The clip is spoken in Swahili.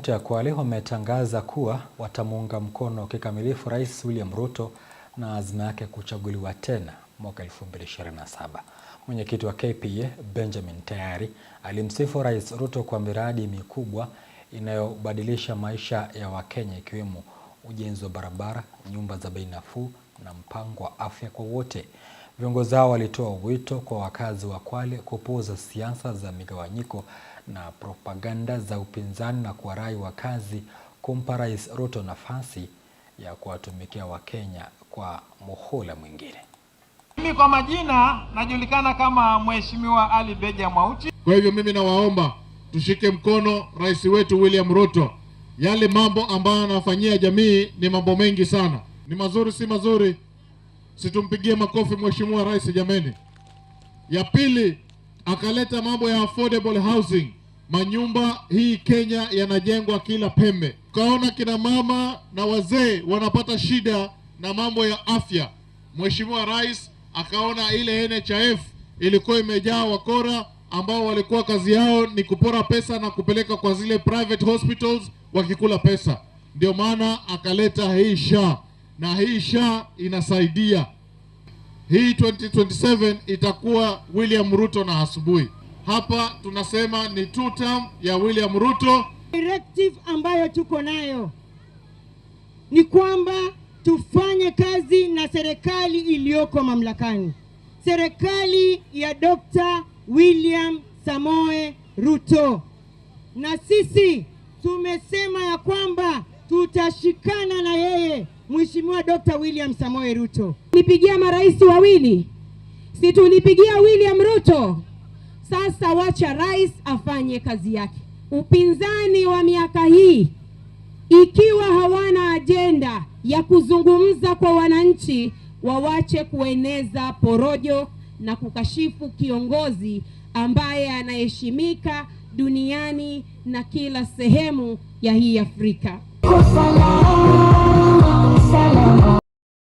Kaunti ya Kwale wametangaza kuwa watamuunga mkono kikamilifu Rais William Ruto na azma yake kuchaguliwa tena mwaka 2027. Mwenyekiti wa KPA Benjamin Tayari alimsifu Rais Ruto kwa miradi mikubwa inayobadilisha maisha ya Wakenya ikiwemo ujenzi wa barabara, nyumba za bei nafuu na mpango wa afya kwa wote. Viongozi hao walitoa wito kwa wakazi wa Kwale kupuuza siasa za migawanyiko na propaganda za upinzani na kuwarai wakazi kumpa Rais Ruto nafasi ya kuwatumikia Wakenya kwa muhula mwingine. Mimi kwa majina najulikana kama Mheshimiwa Ali Beja Mwauchi. Kwa hivyo mimi nawaomba tushike mkono rais wetu William Ruto. Yale mambo ambayo anafanyia jamii ni mambo mengi sana, ni mazuri si mazuri Situmpigie makofi mheshimiwa rais jameni. Ya pili akaleta mambo ya affordable housing, manyumba hii Kenya yanajengwa kila pembe. Ukaona kina mama na wazee wanapata shida na mambo ya afya, mheshimiwa rais akaona ile NHIF ilikuwa imejaa wakora ambao walikuwa kazi yao ni kupora pesa na kupeleka kwa zile private hospitals wakikula pesa. Ndio maana akaleta hii SHA na hii SHA inasaidia hii 2027 itakuwa William Ruto na asubuhi. Hapa tunasema ni two term ya William Ruto. Directive ambayo tuko nayo ni kwamba tufanye kazi na serikali iliyoko mamlakani, serikali ya Dr. William Samoe Ruto, na sisi tumesema ya kwamba tutashikana na yeye, Mheshimiwa Dr. William Samoe Ruto tulipigia marais wawili, si tulipigia William Ruto. Sasa wacha rais afanye kazi yake. Upinzani wa miaka hii ikiwa hawana ajenda ya kuzungumza kwa wananchi, wawache kueneza porojo na kukashifu kiongozi ambaye anaheshimika duniani na kila sehemu ya hii Afrika.